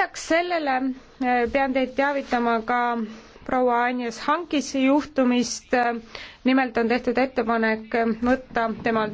lisaks sellele äh, pean teid teavitama ka proua Agnes Hankisi juhtumist. Äh, nimelt on tehtud ettepanek äh, võtta temalt